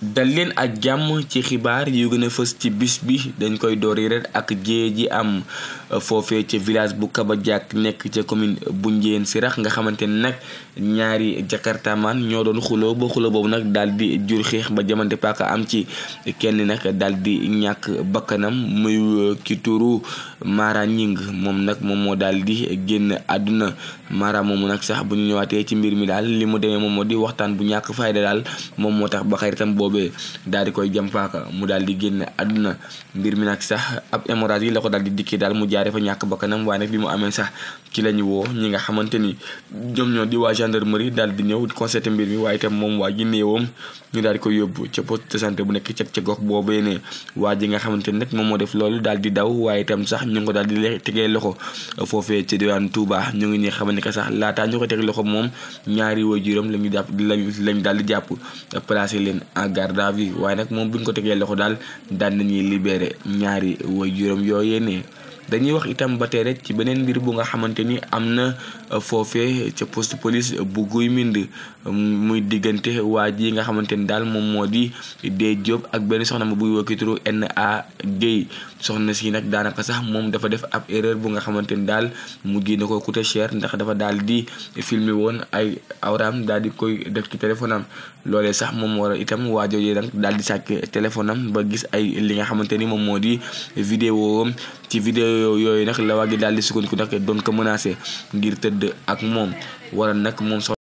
dal leen ak jàmm ci xibaar yu gën a fës ci bis bi dañ koy doori ret ak jee ji am foofee ca village bu Kabadiak nekk ca commune bu Ndiéyène rax nga xamante ne nag ñaari jakartaman ñoo doon xuloo ba xuloo boobu nag daal di jur xeex ba jamante paaka am ci kenn nag daal di ñàkk bakkanam muy euh, ki turu Mara Ñing moom nag moom moo daal di génn àdduna Mara moomu nag sax bu ñu ñëwaatee ci mbir mi daal li mu demee moom moo di waxtaan bu ñàkk fayda daal moom moo tax ba xaritam boobu boobee daal di koy jam paaka mu daal di génn àdduna mbir mi nag sax ab hémorragie yi la ko daal di dikkee daal mu jaare fa ñàkk bakkanam waaye nag bi mu ameen sax ci la ñu woo ñi nga xamante ni ñoom ñoo di waa gendarmerie daal di ñëw constaté mbir mi waaye itam moom waa ji néewam ñu daal di ko yóbbu ca poste bu nekk ca ca gox boobee ne waa ji nga xamante ni nag moom moo def loolu daal di daw waaye itam sax ñu ko daal di tegee loxo foofe ci diwaan Touba ñu ngi ñuy xamal ni que sax laataa ñu ko teg loxo moom ñaari waajuram lañu jàpp lañu lañ daal di jàpp placé leen en garde à waaye nag moom bi ko tegee loxo daal daal nañuy libéré ñaari woy waajuram yooyee ne dañuy wax itam ba tey rek ci beneen mbir bu nga xamante ni am na euh, foofee ca poste police bu Guy Mbind muy diggante waa ji nga xamante ni daal moom moo di Dee Diop ak benn soxna ma buy wokki turu na Guèye soxna si nag daanaka sax moom dafa def ab erreur bu nga xamante ni daal mujj na ko coûté cher ndax dafa daal di filmer woon ay awraam daal di koy def ci téléphone am sax moom war a itam waa jooju daal di sàkk téléphone am ba gis ay li nga xamante ni moom moo di vidéo am ci vidéo yooyu nag la waa gi daal di ko nag doon ko menacé ngir tëdd ak moom waral nag moom